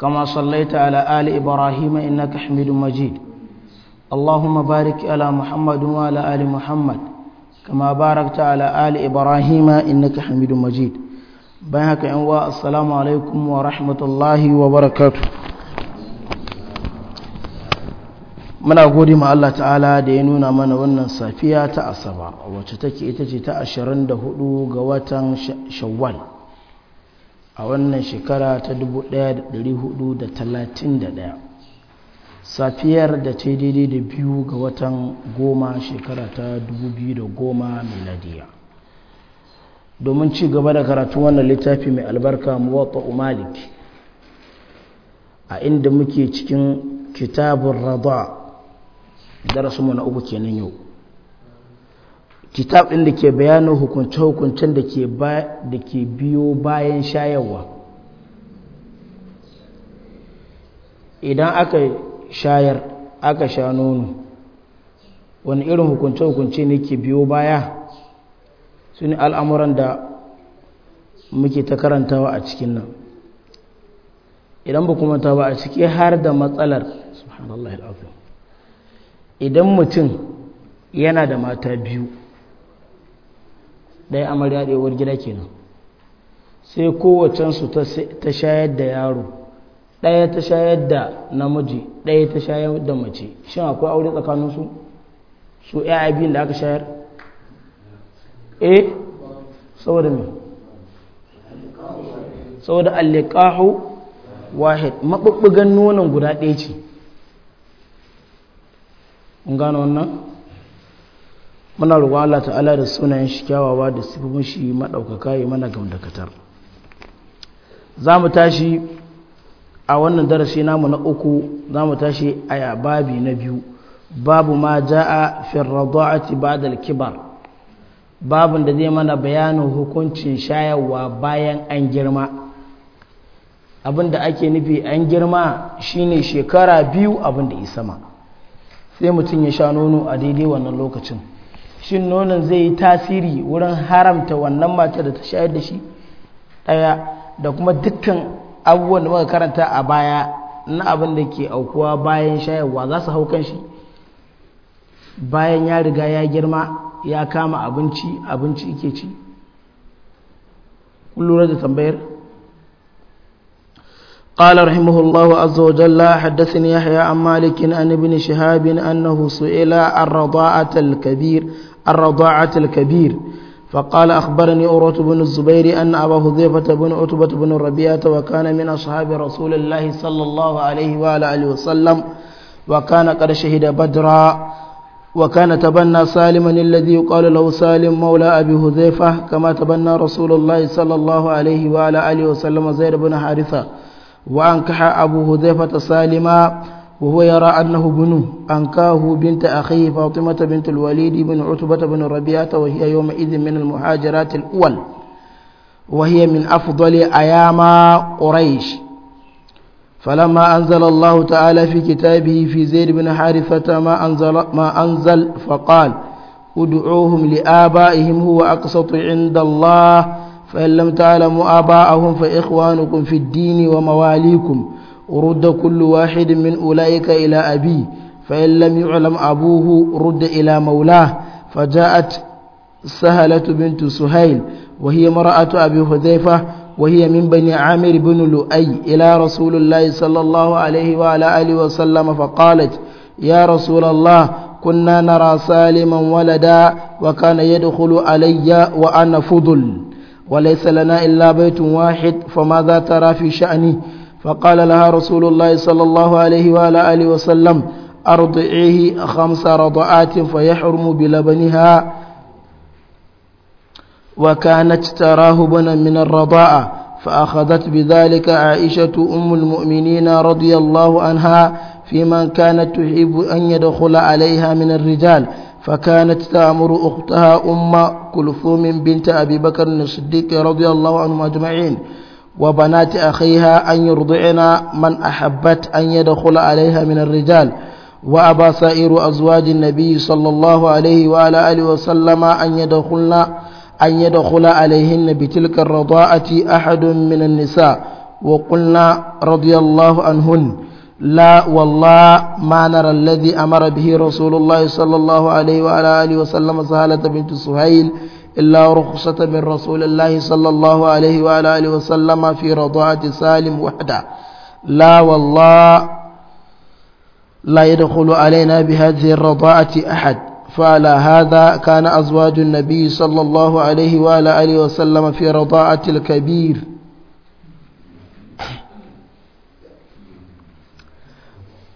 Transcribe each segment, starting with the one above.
كما صليت على آل إبراهيم إنك حميد مجيد اللهم بارك على محمد وعلى آل محمد كما باركت على آل إبراهيم إنك حميد مجيد بهك أنواء السلام عليكم ورحمة الله وبركاته muna gode ma Allah ta'ala da ya nuna mana wannan safiya ta asaba wacce take ita ce ta 24 ga watan shawwal a wannan shekara ta 1431 safiyar da ta daidai da biyu ga watan goma shekara ta 2010 miladiya domin ci gaba da karatu wannan littafi mai albarka muwatta malik a inda muke cikin kitabun rada darasinmu na uku kenan yau kitab ɗin da ke bayanin hukunce-hukuncen da ke biyo bayan shayarwa idan aka shayar aka sha nono wani irin hukunce-hukunce ne ke biyo baya su al'amuran da muke ta karantawa a cikin nan idan ba kuma ta ba a ciki har da matsalar subhanallah idan mutum yana da mata biyu ɗaya amarya da uwar gida kenan sai kowacensu ta shayar da yaro ɗaya ta shayar da namiji ɗaya ta shayar da mace shin akwai aure tsakaninsu su ya biyun da aka shayar eh saboda mai saboda allikahu wahid mabubbugan nonon guda ɗaya ce ungana gano wannan muna roƙo Allah ta'ala da sunayen shi kyawawa da sifofin shi madaukaka yi mana gamdakatar za mu tashi a wannan darasi namu na uku za mu tashi a babi na biyu babu ma ja'a fi rada'ati ba'da al-kibar babun da zai mana bayanin hukuncin shayarwa bayan an girma abinda ake nufi an girma shine shekara biyu abinda isa ma sai mutum ya sha nono a daidai wannan lokacin shin nonon zai yi tasiri wurin haramta wannan mata da ta shayar da shi ɗaya da kuma dukkan abubuwan da muka karanta a baya na abin da ke aukuwa bayan shayarwa za su hau kan shi bayan ya riga ya girma ya kama abinci abinci ke ci kun da tambayar قال رحمه الله عز وجل حدثني يحيى عن مالك عن ابن شهاب أنه سئل عن رضاعة الكبير الرضاعة الكبير فقال أخبرني أورة بن الزبير أن أبا هذيفة بن عتبة بن ربيعة وكان من أصحاب رسول الله صلى الله عليه وآله وسلم وكان قد شهد بدرا وكان تبنى سالما الذي يقال له سالم مولى أبي هذيفة كما تبنى رسول الله صلى الله عليه وآله وسلم زيد بن حارثة وأنكح أبو هذيفة سالما وهو يرى أنه بنو أنكاه بنت أخيه فاطمة بنت الوليد بن عتبة بن ربيعة وهي يومئذ من المهاجرات الأول وهي من أفضل أيام قريش فلما أنزل الله تعالى في كتابه في زيد بن حارثة ما أنزل, ما أنزل فقال ادعوهم لآبائهم هو أقسط عند الله فإن لم تعلموا آباءهم فإخوانكم في الدين ومواليكم ورد كل واحد من أولئك إلى أبيه فإن لم يعلم أبوه رد إلى مولاه فجاءت سهلة بنت سهيل وهي مرأة أبي حذيفة وهي من بني عامر بن لؤي إلى رسول الله صلى الله عليه وعلى آله وسلم فقالت يا رسول الله كنا نرى سالما ولدا وكان يدخل علي وأنا فضل وليس لنا إلا بيت واحد فماذا ترى في شأني فقال لها رسول الله صلى الله عليه وعلى آله وسلم أرضعيه خمس رضعات فيحرم بلبنها وكانت تراه بنا من الرضاء فأخذت بذلك عائشة أم المؤمنين رضي الله عنها في من كانت تحب أن يدخل عليها من الرجال فكانت تأمر أختها أم كلثوم بنت أبي بكر الصديق رضي الله عنهم أجمعين وبنات أخيها أن يرضعن من أحبت أن يدخل عليها من الرجال وأبى سائر أزواج النبي صلى الله عليه وعلى آله وسلم أن يدخلن أن يدخل عليهن بتلك الرضاعة أحد من النساء وقلنا رضي الله عنهن لا والله ما نرى الذي أمر به رسول الله صلى الله عليه وعلى آله وسلم سهالة بنت سهيل إلا رخصة من رسول الله صلى الله عليه وعلى آله وسلم في رضاعة سالم وحده لا والله لا يدخل علينا بهذه الرضاعة أحد فعلى هذا كان أزواج النبي صلى الله عليه وعلى آله وسلم في رضاعة الكبير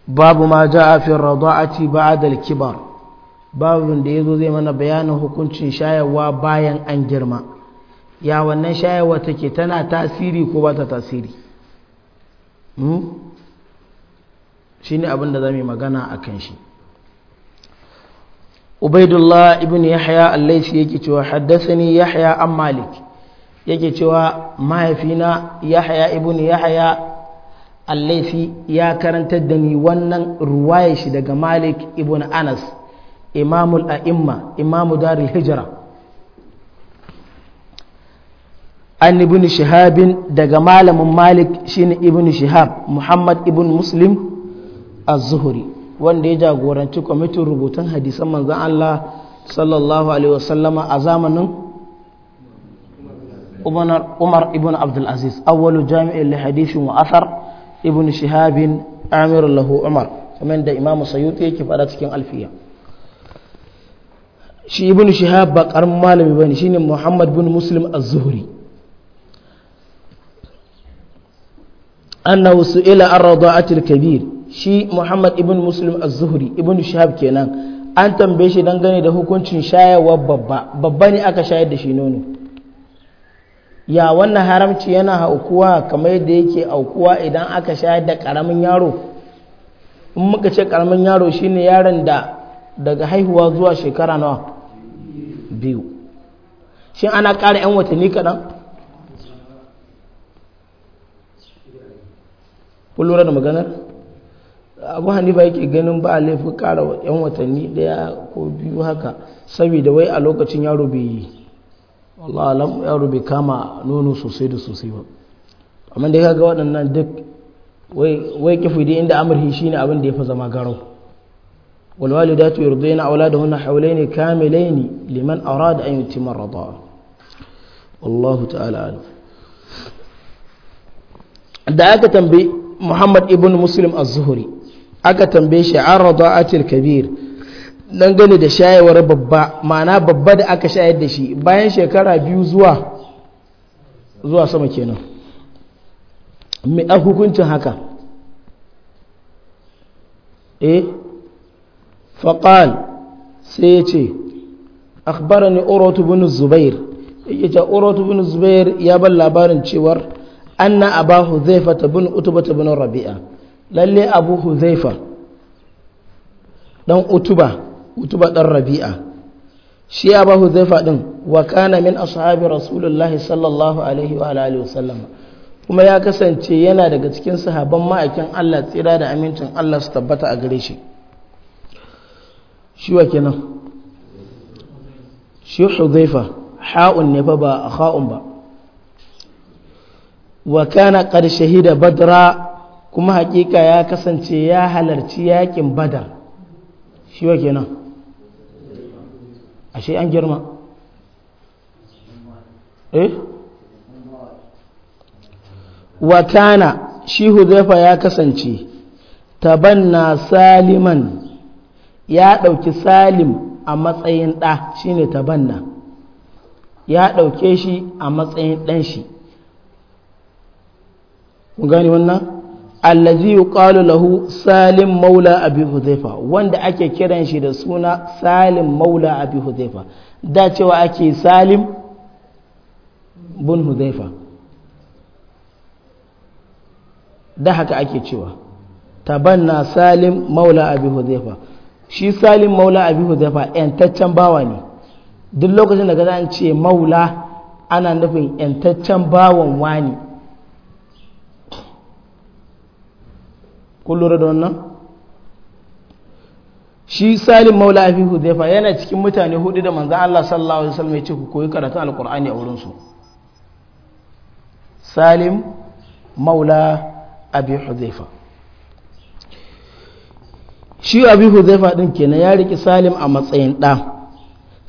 باب ما جاء في الرضاعة kibar الكبر باب da yazo zai mana bayanin hukuncin shayawa bayan an girma ya wannan shayarwa take tana tasiri ko ba ta tasiri hmm? shi ne abin da za mu yi magana a kan shi ubaidullah ibn yahya allaisi yake cewa haddasani yahya an yake cewa mahaifina yahya ibn yahya allaifi ya karantar da ni wannan ruwaya shi daga malik ibn anas imamul a'imma imamu darul hijira an ibn shihabin daga malamin malik shine ibn shihab muhammad ibn muslim az-zuhri wanda ya jagoranci kwamitin rubutun hadisan manzon allah sallallahu alaihi wasallama a zamanin umar ibn aziz awwalu jami'in li hadithin wa athar ibn shihabin amir lahu umar kamar da imam Sayyid yake fada cikin alfiya shi ibn shihab ba karamin malami bane shine muhammad bin muslim az-zuhri annahu su'ila an rada'atil kabir shi muhammad ibn muslim az-zuhri ibn shihab kenan an tambaye shi dangane da hukuncin shayarwa babba babba ne aka shayar da shi nono ya wannan haramci yana aukuwa kamar yadda yake aukuwa idan aka shayar da ƙaramin yaro in muka ce ƙaramin yaro shine yaron da daga haihuwa zuwa shekara nawa biyu shin ana ƙara 'yan watanni kaɗan kullura da maganar abu hanifa yake ganin ba a laifin ƙara 'yan watanni ɗaya ko biyu haka saboda wai a lokacin yaro bai yi wallah alam ya rubi kama nono sosai da sosai ba amma da ya ga waɗannan duk wai kifi dai inda amurhi shi ne abin da ya fi zama garau walwali da tuyar zai na aula da wani haulai ne kamilai ne liman aura da an yi timar rada wallahu ta'ala da aka tambayi muhammad ibn muslim az-zuhri aka tambaye shi an rada'atil kabir dangane da shayewar babba ma'ana babba da aka shayar da shi bayan shekara biyu zuwa zuwa sama kenan mai hukuncin haka eh faƙal sai ya ce ne Urotu bin zubair yake ce Urotu bin zubair ya bar labarin cewar anna ba huzaifa ta bin utuba ta bin rabi'a lalle abu huzaifa dan utuba utuba dan rabi'a shi ya ba huzaifa din wa kana min ashabi rasulullahi sallallahu alaihi wa alihi wasallam kuma ya kasance yana daga cikin sahaban ma'aikin Allah tsira da amincin Allah su tabbata a gare shi shi wa kenan shi huzaifa ha'un ne ba ba kha'un ba wa kana qad shahida badra kuma hakika ya kasance ya halarci yakin badar shi wa kenan ashe an girma eh Watana shi huzaifa ya kasance tabanna saliman ya ɗauki salim a matsayin ɗa shine tabanna ya ɗauke shi a matsayin ɗan shi gani wannan allazi yuqalu lahu salim maula abi hudhaifa wanda ake kiran shi da suna salim maula abi hudhaifa da cewa ake salim bin hudhaifa da haka ake cewa tabanna salim maula abi hudhaifa shi salim maula abi hudhaifa yantaccen bawa ne duk lokacin da ga an ce maula ana nufin yantaccen bawan wani kun lura da wannan shi salim maula abi hudayfa yana cikin mutane hudu da manzan Allah sallallahu alaihi wasallam ya ce ku koyi karatun alqur'ani a wurin su salim maula abi hudayfa shi abi hudayfa din kenan ya riki salim a matsayin ɗa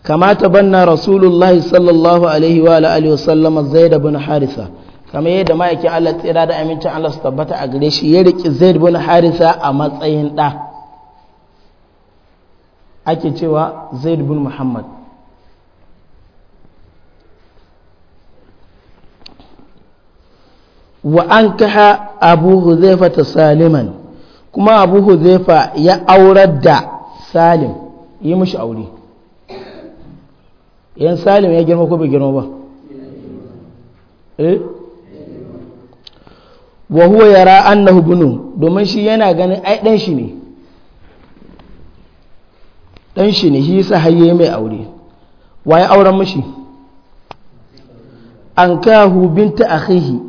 kamata banna rasulullahi sallallahu alaihi wa alihi zai zaid bin harisa kamar yadda ma'aikin Allah tsira da amincin Allah su tabbata a gare shi ya riƙi Zaid bin Harisa a matsayin ɗa ake cewa Zaid bin Muhammad wa an kaha Abu Huzaifa ta Saliman kuma Abu Huzaifa ya aurar da Salim yi mishi aure yan Salim ya girma ko bai girma ba eh wa huwa yara annahu bunu domin shi yana ganin ai dan shi ne dan shi ne shi hayye mai aure wa ya auren mishi an kahu binta akhihi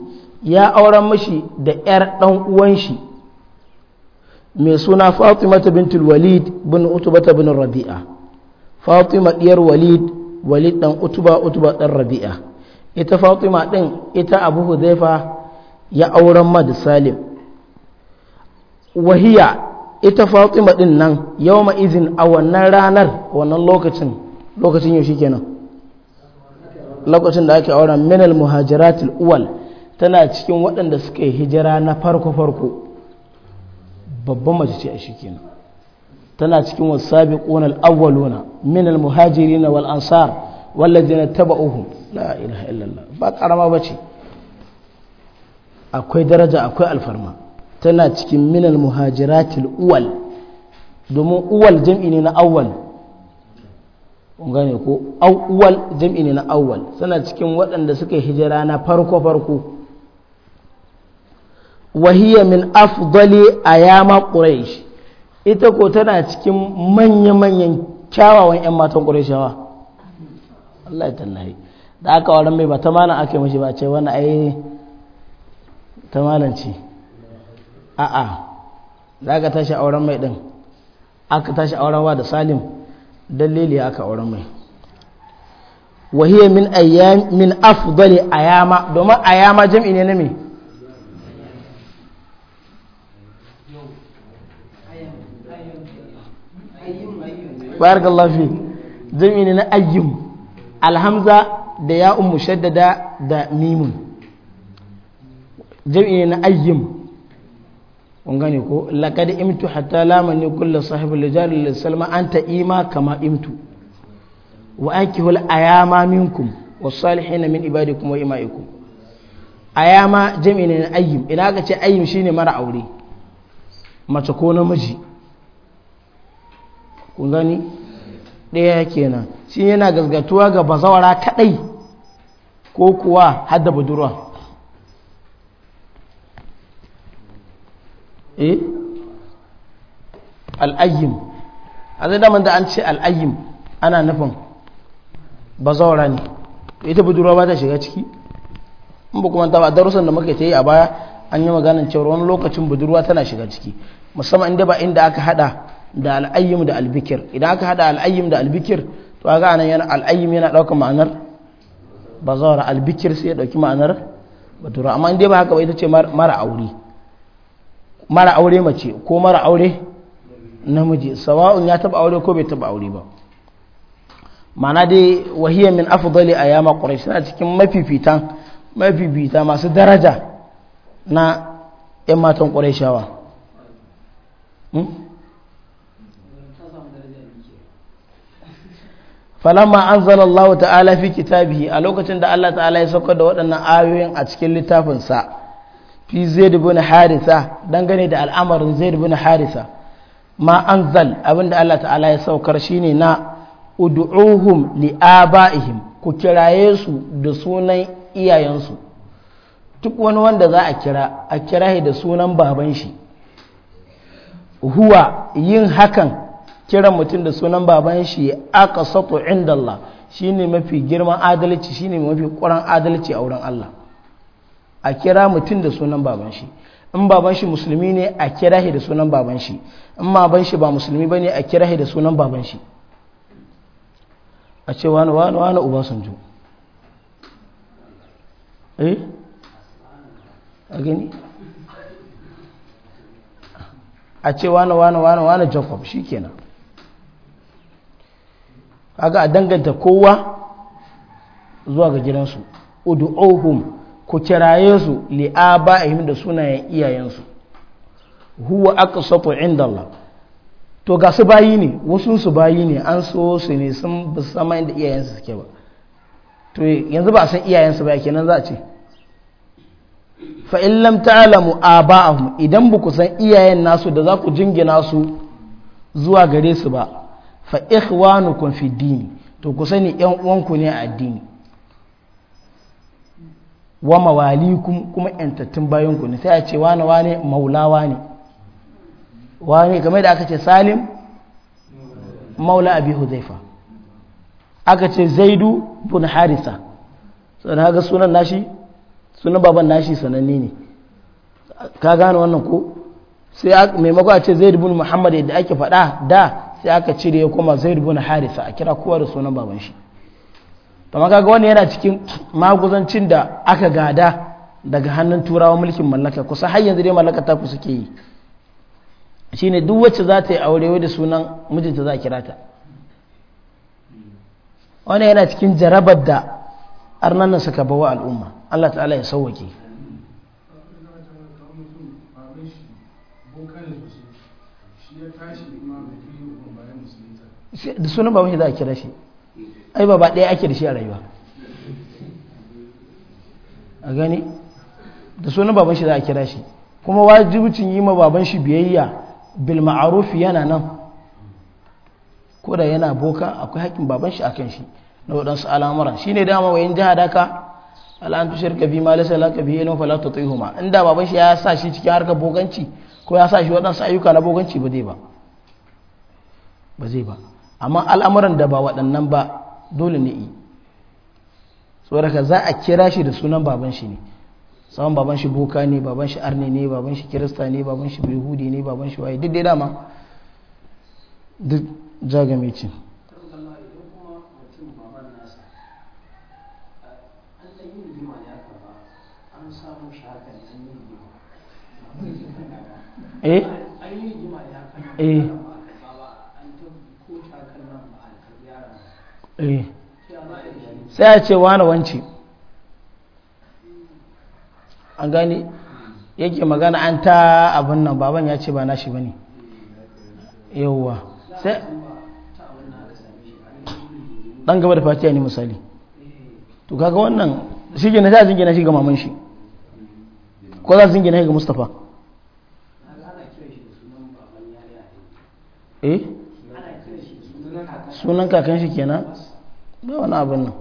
ya auren mashi da yar ɗan uwan shi mai suna Fatimata bintul Walid bin ta bin Rabi'a Fatima diyar Walid Walid ɗan Utba Utba ɗan Rabi'a ita Fatima ɗin ita Abu Hudhaifa ya auren ma da salim wahiya ita fatima din nan yau ma izin a wannan ranar wannan lokacin lokacin yau shikenan lokacin da ake auren minal muhajiratul uwal tana cikin waɗanda suka yi hijira na farko-farko babban mace ce a shikenan tana cikin wasu sabi ƙonar awwaluna minal muhajirina wal ansar taba uhu la ilaha illallah ba ƙarama ba ce akwai daraja akwai alfarma tana cikin minal muhajiratil uwal domin uwal jam'i ne na awwal kun gane ko uwal jam'i ne na awwal tana cikin waɗanda suka hijira na farko farko wahiya min afdali ayama quraish ita ko tana cikin manya manyan kyawawan 'yan matan qurayshawa Allah ya tallahi da aka waran mai ba ta mana ake mashi ba ce wani ai ta malanci a'a za ka tashi auren mai ɗin aka tashi auren wa da salim dalili aka auren mai wahiyar min ayyam min afdali ayama domin ayama jam'i ne na me ga lafi jam'i ne na ayyum alhamza da ya'un mushaddada da mimun jami'i na ayyim kun gane ko laqad imtu hatta lamani kullu sahibul rijal lil salma anta ima kama imtu wa akihul ayama minkum was salihin min ibadikum wa imaikum ayama jami'i ne na ayyim ina ga ce ayyim shine mara aure mace ko namiji kun gani ɗaya kenan shi yana gasgatuwa ga bazawara kadai ko kuwa hadda budurwa Eh? al'ayyim a zai daman da an ce al'ayyim ana nufin ba zaura ne ita budurwa ba ta shiga ciki in ba kuma ta ba darussan da muka yi a baya an yi maganin cewar wani lokacin budurwa tana shiga ciki musamman inda ba inda aka hada da al'ayyim da albikir idan aka hada al'ayyim da albikir to ga anan yana al'ayyim yana ɗauka ma'anar bazaura albikir sai ya dauki ma'anar budurwa amma inda ba haka ba ita ce mara aure mara aure mace ko mara aure namiji sawa'un ya taba aure ko bai taba aure ba mana dai wahiyar min afudali a yama ƙwarai suna cikin mafifitan mafifita masu daraja na 'yan matan ƙwarai shawa hmm? falamma an zala Allah ta'ala fi kitabihi a lokacin da Allah ta'ala ya sauka da waɗannan ayoyin a cikin littafinsa fi zaid harisa dangane da al'amarin zaid ibn harisa ma an abin abinda Allah ta'ala ya saukar shine na udu'uhum li'aba'ihim ku kiraye su da sunan iyayensu duk wani wanda za a kira a kira da sunan baban shi huwa yin hakan kiran mutum da sunan baban shi aka sato inda Allah shine mafi girman adalci shine mafi kuran adalci a wurin Allah a kira mutum da sunan baban shi in baban shi musulmi ne a kira shi da sunan baban shi in baban shi ba musulmi bane a kira shi da sunan baban shi a ce wani wani wani uban sanju eh a gani a ce wani wani wani wani jacob shi kenan kaga a danganta kowa zuwa ga gidansu udu'uhum ku kiraye su li'aba'ihim da sunayen iyayensu huwa aqsatu inda Allah to ga su bayi ne wasu su bayi ne an so su ne sun ba sama inda iyayensu suke ba to yanzu ba san iyayensu ba kenan za a ce fa in lam ta'lamu aba'ahum idan ba ku san iyayen nasu da za ku jingina su zuwa gare su ba fa ikhwanukum fi dini to ku sani yan uwanku ne a addini wa mawalikum kuma yantattun bayan ku ne sai a ce wane wane maula wane wane game da aka ce salim maula abi huzaifa aka ce zaidu bin harisa sannan haka sunan nashi sunan baban nashi sananne ne ka gane wannan ko sai maimako a ce zaidu bin muhammad yadda ake fada da sai aka cire ya koma zaidu bin harisa a kira kowa da sunan baban shi ta maka ga wani yana cikin maguzancin da aka gada daga hannun turawa mulkin mallaka kusa har yanzu dai mallaka ta ku suke yi shine duk wacce za ta yi aure da sunan mijinta za a kira ta wani yana cikin jarabar da arnan nan suka bawa al'umma Allah ta'ala ya sauwake da sunan baban shi za a kira shi ai ba ɗaya ake da shi a rayuwa a gani da sunan baban shi za a kira shi kuma wajibcin yi ma baban shi biyayya bil yana nan ko da yana boka akwai hakkin baban shi akan shi na waɗansu al'amura ne dama da ka al'an tushirka bi ma laysa laka bihi ta fala tutihuma inda baban shi ya sa shi cikin harkar boganci ko ya sa shi waɗansu ayyuka na boganci ba zai ba amma al'amuran da ba waɗannan ba dole ne yi tsoraka za a kira shi da sunan baban shi ne saman baban shi boka ne baban shi arne ne baban shi kirista ne baban shi yahudi ne baban shi waye duk dai dama duk jagamicin eh eh Eh. sai a ce wani wance an gani yake magana an ta abin nan baban ya ce ba nashi ba ne yauwa sai ɗan gaba da fatiya ne misali to kaga wannan shi gina sai a zingina shi ga maman shi ko za a zingina shi ga mustapha eh sunan kakan shi kenan wani abin nan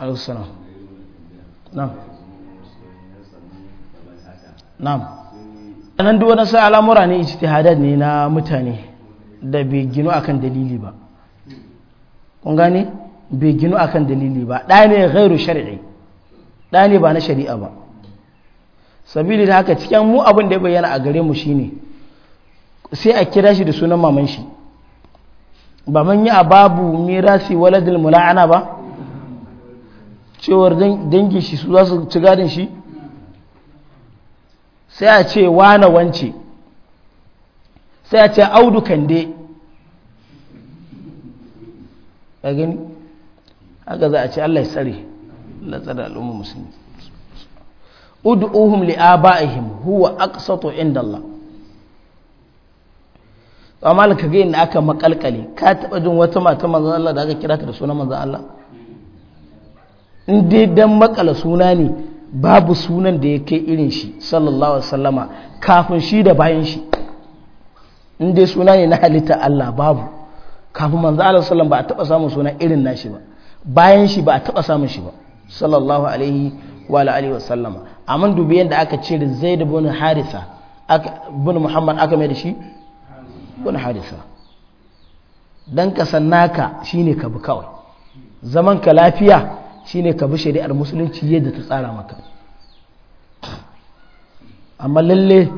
alusana na nam nan duk wadansu al'amura ne hadad ne na mutane da bai gino akan dalili ba kun gane bai gino akan dalili ba ɗaya ne gairu shari'i ɗaya ne ba na shari'a ba sabili da haka cikin mu abin da ya bayyana a gare mu shine sai a kira shi da sunan maman shi ba man yi a babu mirasi waladil mula'ana ba cewar dangi shi su za su ci gadin shi sai a ce wane wance sai a ce audu kande a gani haka za a ce allah ya na allah al'ummar musulmi ud'uhum li'aba'ihim huwa aqsatu inda Allah to amma ka ga inda aka makalkale ka taba jin wata mata manzon Allah da aka kira ta da sunan manzon Allah in dai dan makala suna ne babu sunan da ya kai irin shi sallallahu alaihi wasallama kafin shi da bayan shi in dai suna ne na halitta Allah babu kafin manzo Allah sallallahu ba a taba samun suna irin nashi ba bayan shi ba a taba samun shi ba sallallahu alaihi wa alihi wasallama sallama amma dubi yanda aka cire Zaid ibn Haritha ibn Muhammad aka mai da shi bin harisa dan ka sannaka shine ka bi kawai zaman ka lafiya shine ka bi shari'ar musulunci yadda ta tsara maka amma lalle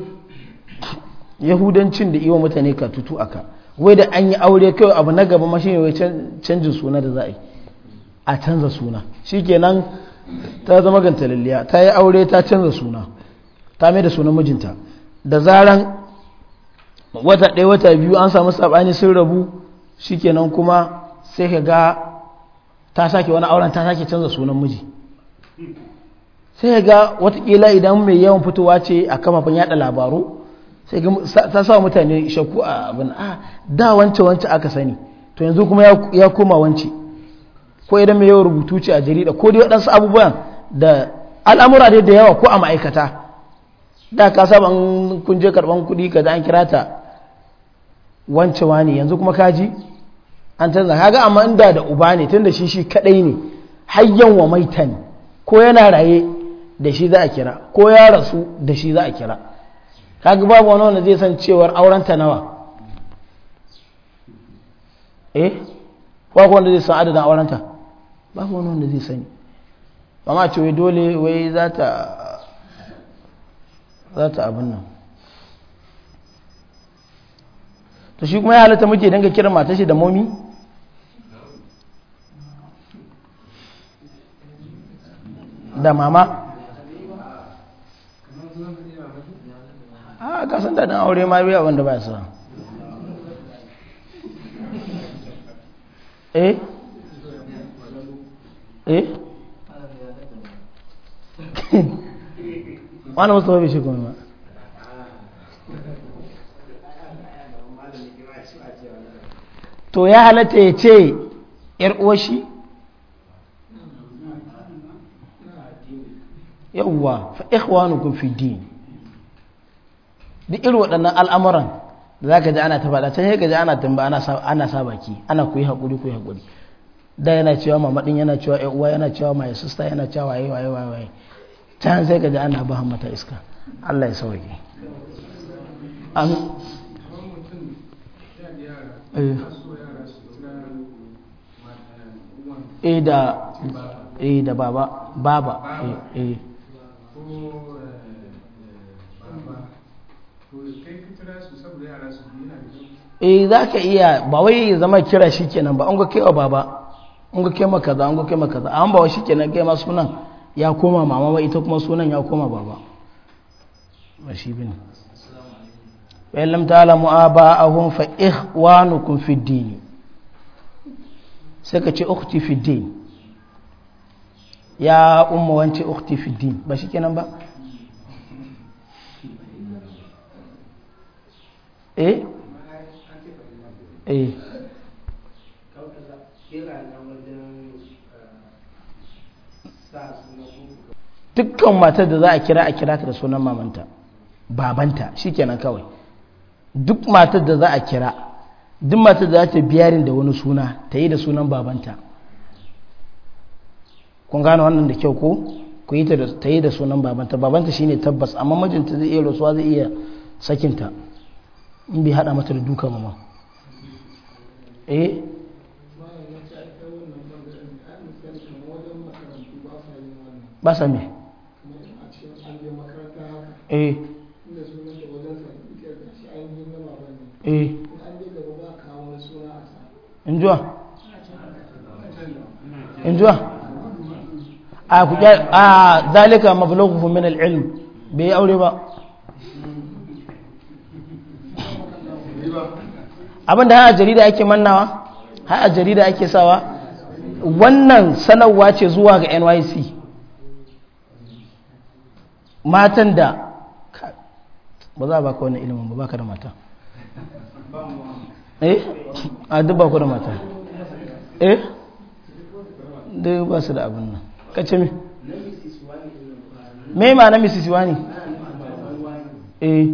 yahudancin da iwa mutane ka tutu aka wai da an yi aure kawai abu na gaba ma shine wai canjin suna da za a yi a canza suna shikenan ta zama lalliya ta yi aure ta canza suna ta mai da sunan mijinta da zaran wata ɗaya wata biyu an samu saɓani sun rabu shikenan kuma sai ka ga ta sake wani auren ta sake canza sunan miji sai ka ga watakila idan mai yawan fitowa ce a kamafin yada labaru sai ta sa mutane shakku a abin a ah, da wance wance aka sani to yanzu kuma ya koma wance ko idan mai yawan rubutu ce a jarida ko dai waɗansu abubuwan da al'amura da yawa ko a ma'aikata da ka saba kun je karɓan kuɗi ka an kira ta wance wani yanzu kuma kaji an canza kaga amma inda da uba ne tunda shi shi kadai ne hayyan wa maitan ko yana raye da shi za a kira ko ya rasu da shi za a kira kaga babu wani wanda zai san cewar aurenta nawa eh ba wanda zai san adadin aurenta babu wani wanda zai sani amma ce wai dole wai za ta abin nan to shi kuma ya halatta muke dinga kiran matar shi da momi da mama a ah, kasan dan aure ma biya wanda ba su eh eh wani musamman bai shi kuma to ya halatta ya ce ‘yar uwashi? yawwa fa ikhwanukum fi din duk irin waɗannan al'amuran da za ka ji ana ta faɗa can sai ji ana tamba ana sa baki ana yi haƙuri yi haƙuri da yana cewa mamadin yana cewa ƴan uwa yana cewa mai sista yana cewa waye waye waye can sai ka ji ana ba mata iska Allah ya sauke amin eh. E da eh da baba baba e e za ka iya ba wai zama kira shi kenan ba an ga kaiwa baba an ga kai maka za an ga kai maka za an ba wa shi kenan kai sunan ya koma mama ba ita kuma sunan ya koma baba ba shi bane wa illam ta'lamu aba'ahum fa ikhwanukum fid dini sai ka ce ukhti fi din ya umma wance ukhti fi din ba shi kenan ba eh eh dukkan matar da za a kira a kira ta da sunan mamanta babanta kenan kawai duk matar da za a kira duk mata da ta biyarin da wani suna ta yi da sunan babanta kun gano wannan da kyau ko ku yi ta yi da sunan babanta babanta shine tabbas amma mijinta zai iya rasuwa zai iya sakinta in bai hada mata da duka mama eh ba sa me eh eh injuwa injuwa a ah, kuka a ah, zalika mablaghun min al-ilm bai aure ba abinda har jarida ake mannawa har jarida ake sawa wannan sanarwa ce zuwa ga NYC matan da ba za a baka wani ilimin ba baka da mata eh a ba ku da mata eh duk ba su da abin nan kace mi me ma na mrs wani eh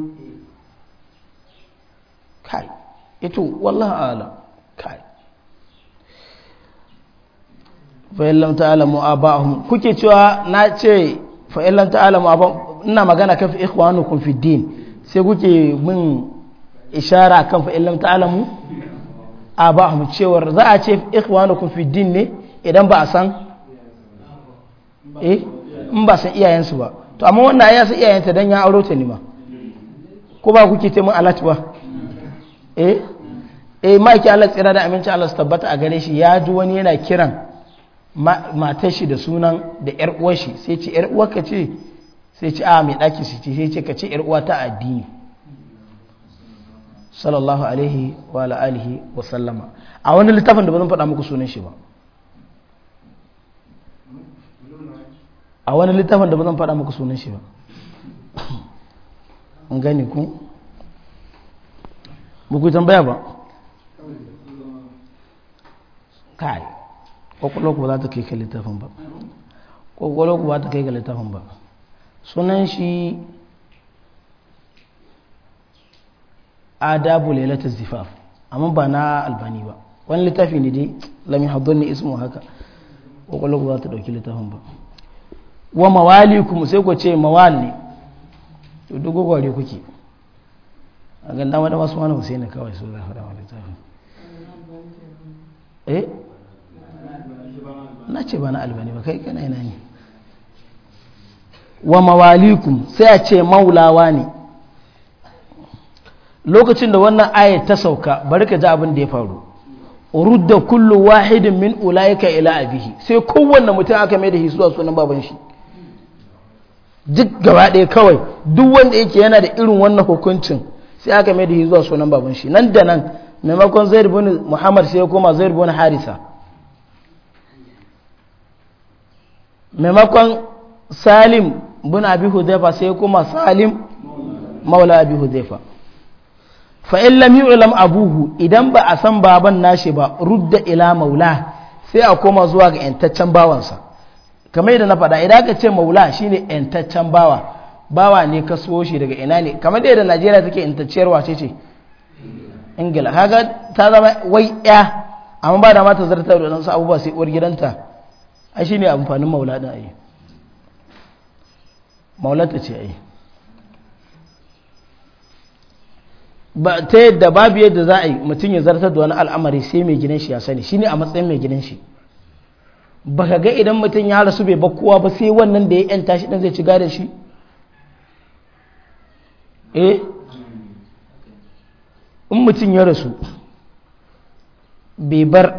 kai ito wallahi ala kai fa'in lam ta'alamu aba'ahum kuke cewa na ce fa'in lam ta'alamu aba'ahum ina magana kafi ikhwanukum fi din sai kuke min ishara kan fa'in lam ta'alamu a ba mu cewar za a ce ikhwanukum fi din ne idan ba a san eh in ba san iyayensu ba to amma wannan ya san iyayenta dan ya auro ta nima ma ko ba kuke ta mun alat ba eh eh maki Allah tsira da aminci Allah su tabbata a gare shi ya ji wani yana kiran matar shi da sunan da yar uwar shi sai ce yar ka ce sai ce a mai daki su ce sai ce ka ce yar uwa ta addini sallallahu alaihi wa alihi wa sallama a wani littafin da ba zan faɗa muku sunan shi ba a wani littafin da ba zan faɗa muku sunan shi ba an gani ku buku tambaya ba kai kwakwalwa ku za ta kai ka littafin ba kwakwalwa ku ba ta kai ka littafin ba sunan shi adabu lailata zifaf amma ba na albani ba wani littafi ne dai haddon ne ismu haka kokolon ku za ta dauki littafin ba wa kuma sai ku ce mawal ne to duk gwagware kuke a ga dama da wasu wani husaini kawai su zan faɗa wani littafin eh na ce ba na albani ba kai kana yana ne wa mawalikum sai a ce maulawa ne lokacin da wannan ayat ta sauka bari ka ji abin da ya faru urudda kullu wahidin min ulaika ila abihi sai kowanne mutum aka mai da shi zuwa sunan baban shi duk gaba ɗaya kawai duk wanda yake yana da irin wannan hukuncin sai aka mai da shi zuwa sunan baban shi nan da nan maimakon zaid bin muhammad sai ya koma zaid bin harisa maimakon salim bin abi hudhaifa sai ya koma salim maula abi hudhaifa fa in lam yu'lam abuhu idan ba a san baban nashi ba rudda ila maula sai a koma zuwa ga yantaccen bawansa kamar yadda na faɗa idan aka ce maula shine yantaccen bawa bawa ne ka so shi daga ina ne kamar yadda Najeriya take yantacciyar wace ce Ingila kaga ta zama wai ya amma ba da ma ta zartar da wasu abubuwa sai uwar gidanta ai shine amfanin maula din ai maulata ce ai ba ta yadda babu yadda za a yi mutum ya zartar da wani al'amari sai mai gidan shi ya sani shine a matsayin mai gidan shi ba ka ga idan mutum ya rasu bai bakkuwa ba sai wannan da ya yanta shi ɗan zai ci gadon shi eh in mutum ya rasu bai bar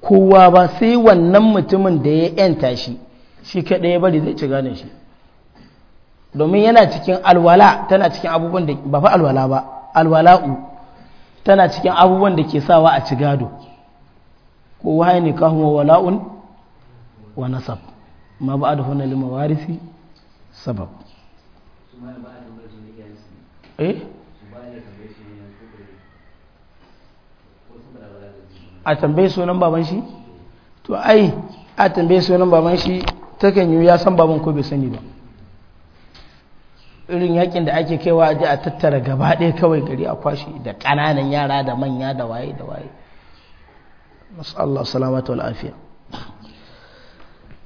kowa ba sai wannan mutumin da ya yanta shi shi kaɗai ya bari zai ci gadon shi domin yana cikin alwala tana cikin abubuwan da ba fa alwala ba alwala'u tana cikin abubuwan da ke sawa a ci gado ko wahai ne kahun wala'un wa nasab ma ba da hunan lima warisi sabab eh? a tambaye sunan baban shi to ai a tambaye sunan baban shi kan yi ya san baban ko bai sani ba irin yakin da ake kaiwa a a tattara gaba ɗaya kawai gari a kwashe da ƙananan yara da manya da waye da waye Allah salamata wal'afiya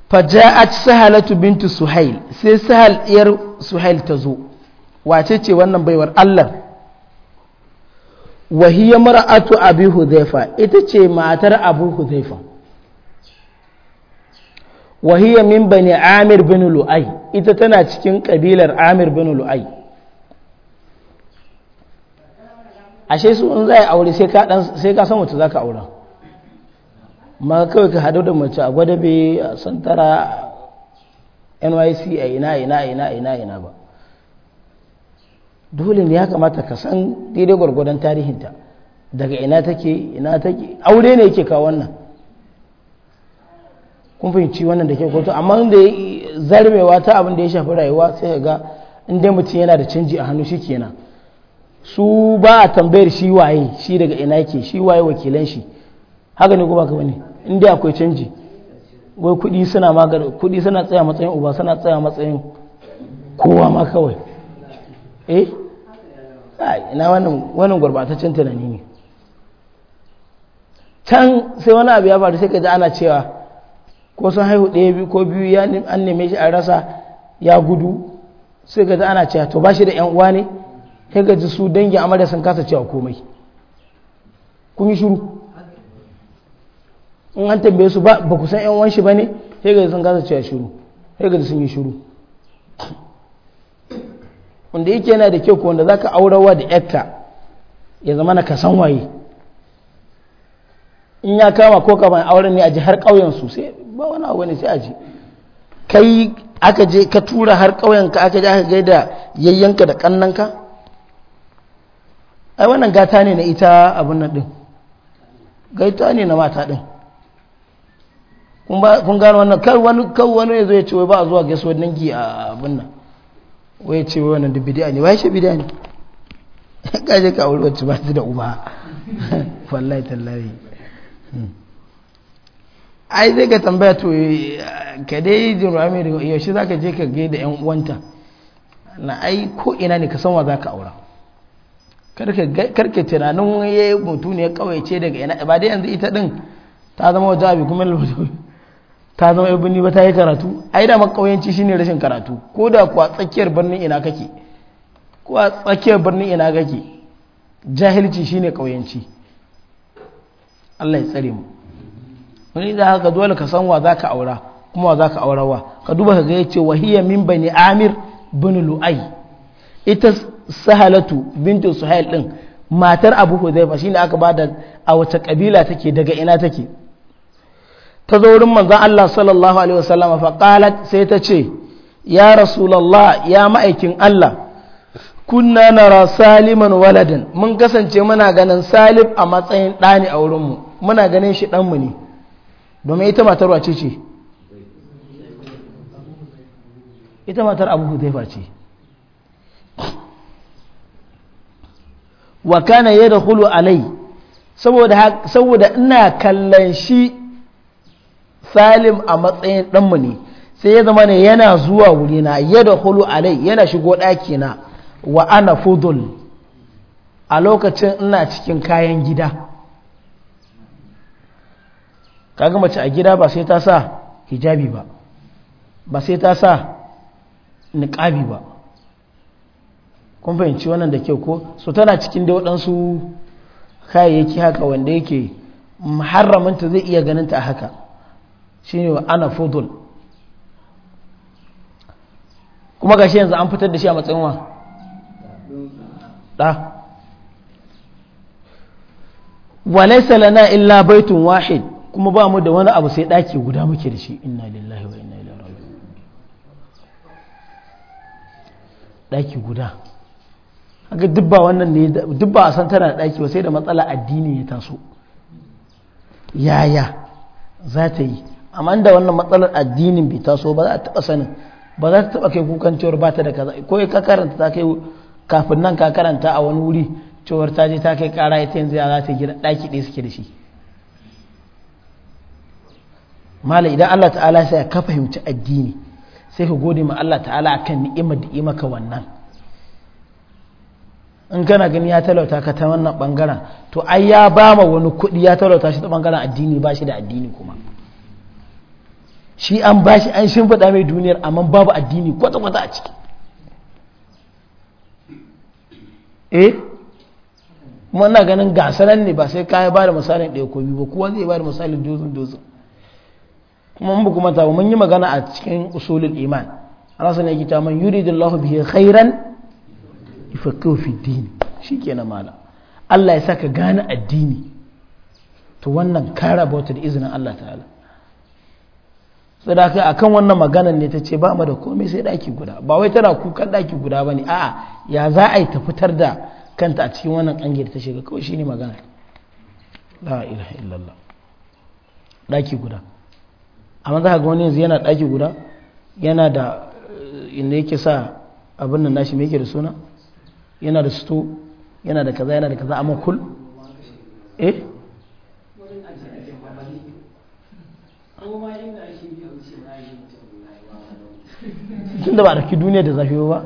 faja'at sahalatu bintu suhail sai sahal ɗiyar suhail ta zo wace ce wannan baiwar allah wahiyar mara'atu abu huzaifa ita ce matar abu huzaifa wa hiya min bani amir bin lu'ai ita tana cikin kabilar amir bin lu'ai ashe su in za aure sai ka san wacce zaka aura ma kawai ka hadu da mace a gwadabe a santara nyc a ina ina ina ina ina ba dole ne ya kamata ka san daidai gwargwadon tarihinta daga ina take ina take aure ne yake kawo wannan kun fahimci wannan da ke kwato amma da zarmewa ta abin da ya shafi rayuwa sai ga inda mutum yana da canji a hannu shi kenan su ba a tambayar shi waye shi daga ina ke shi waye wakilan shi haka ne kuma ka bane inda akwai canji wai kudi suna magana kudi suna tsaya matsayin uba suna tsaya matsayin kowa ma kawai eh ina wannan wannan gurbataccen tunani ne can sai wani abu ya faru sai ka ji ana cewa ko sun haihu ɗaya biyu ko biyu ya an neme shi a rasa ya gudu sai ga ana cewa to ba shi da ƴan uwa ne sai ga ji su dangin amarya sun kasa cewa komai kun yi shiru in an tambaye su ba ku san ƴan uwan shi ba ne sai ga sun kasa cewa shiru sai ga sun yi shiru wanda yake yana da kyau ko wanda zaka aurawa da yakka ya zama na kasan waye in ya kama ko kaman auren ne a ji har ƙauyen su sai ba wani abu ne sai a kai aka je ka tura har ƙauyenka aka je aka gaida yayyanka da ƙannanka ai wannan gata ne na ita abin nan ɗin gaita ne na mata ɗin kun gano wannan kar wani kar wani ya zo ya ce wai ba a zuwa gaisuwa dangi a abin nan wai ya ce wai wannan da ne wai shi bidiya ne je ka wuri wacce ba su da uba wallahi tallahi hmm. ai zai ga tambaya to eh, ka dai jin da yaushe za ka je ka gai da 'yan uwanta na ai ko ina ne ka san wa za ka aura karka tunanin ya yi mutu ne kawai ce daga ina ba dai yanzu ita din ta zama wajen abi kuma ta zama ibini ba ta yi karatu ai da makauyanci shine rashin karatu ko da kuwa tsakiyar birnin ina kake kuwa tsakiyar birnin ina kake jahilci shine kauyanci Allah ya tsare mu wani da haka dole ka san wa zaka aura kuma wa zaka aurawa ka duba ka gaya yace wa hiya min bani amir bin lu'ai ita sahalatu bintu suhail din matar abu hudaifa shine aka ba da a wace kabila take daga ina take ta zo wurin Allah sallallahu alaihi wasallam fa qalat sai ta ce ya rasulullah ya ma'aikin Allah kunna nara saliman waladin mun kasance muna ganin salib a matsayin ɗani a wurinmu muna ganin shi ɗanmu ne domin ita matar wace ce ita matar abu hudaifa ce wa kana ya da hulu alai saboda ina kallon shi salim a matsayin ɗanmu ne sai ya zama ne yana zuwa wurina ya da hulu alai yana shigo ɗakina wa ana fudul a lokacin ina cikin kayan gida kaga mace a gida ba sai ta sa hijabi ba ba sai ta sa niƙabi ba kun fahimci wannan da kyau ko so tana cikin da waɗansu kayayyaki haka wanda yake muharramanta zai iya ganinta a haka shine wa ana fudul kuma gashi yanzu an fitar da shi a matsayin wa da walaisa lana illa baitun wahid kuma ba mu da wani abu sai ɗaki guda muke da shi inna lillahi wa inna ilaihi raji'un ɗaki guda haka dubba wannan ne dubba a san tana da ɗaki ba sai da matsala addini ya taso yaya za ta yi amma da wannan matsalar addinin bai taso ba za ta taɓa sanin ba za ta taɓa kai kukan cewar ba ta da kaza ko ka karanta ta kai kafin nan ka karanta a wani wuri cewar ta je ta kai ƙara ita yanzu ya za ta gida ɗaki ɗaya suke da shi mala idan Allah ta'ala sai ka fahimci addini sai ka gode ma Allah ta'ala akan ni'imar da maka wannan in kana gani ya talauta ka ta wannan bangaren to ai ya ba ma wani kuɗi ya talauta shi ta bangaren addini ba shi da addini kuma shi an ba shi an shimfiɗa mai duniyar amma babu addini kwata-kwata a ciki eh muna ganin gasaran ne ba sai ka ba da misalin ɗaya ko biyu ba kowa zai ba da misalin dozin dozin kuma mun bugu mata mun yi magana a cikin usulul iman Allah sana yake ta man yuridullahu bihi khairan yafaqahu fi din shikenan mala Allah ya saka gane addini to wannan kara bauta da izinin Allah ta'ala sadaka akan wannan magana ne ta ce ba mu da komai sai daki guda ba wai tana kukan daki guda bane a'a ya za a yi ta fitar da kanta a cikin wannan kange ta shiga kawai shine magana la ilaha illallah daki guda amma za ka ga wani yanzu yana ɗaki guda yana da eh, inda yake sa abin nan nashi mai da suna yana da sto yana da kaza yana da kaza amma kul eh tun da ba a duniya da zafi ba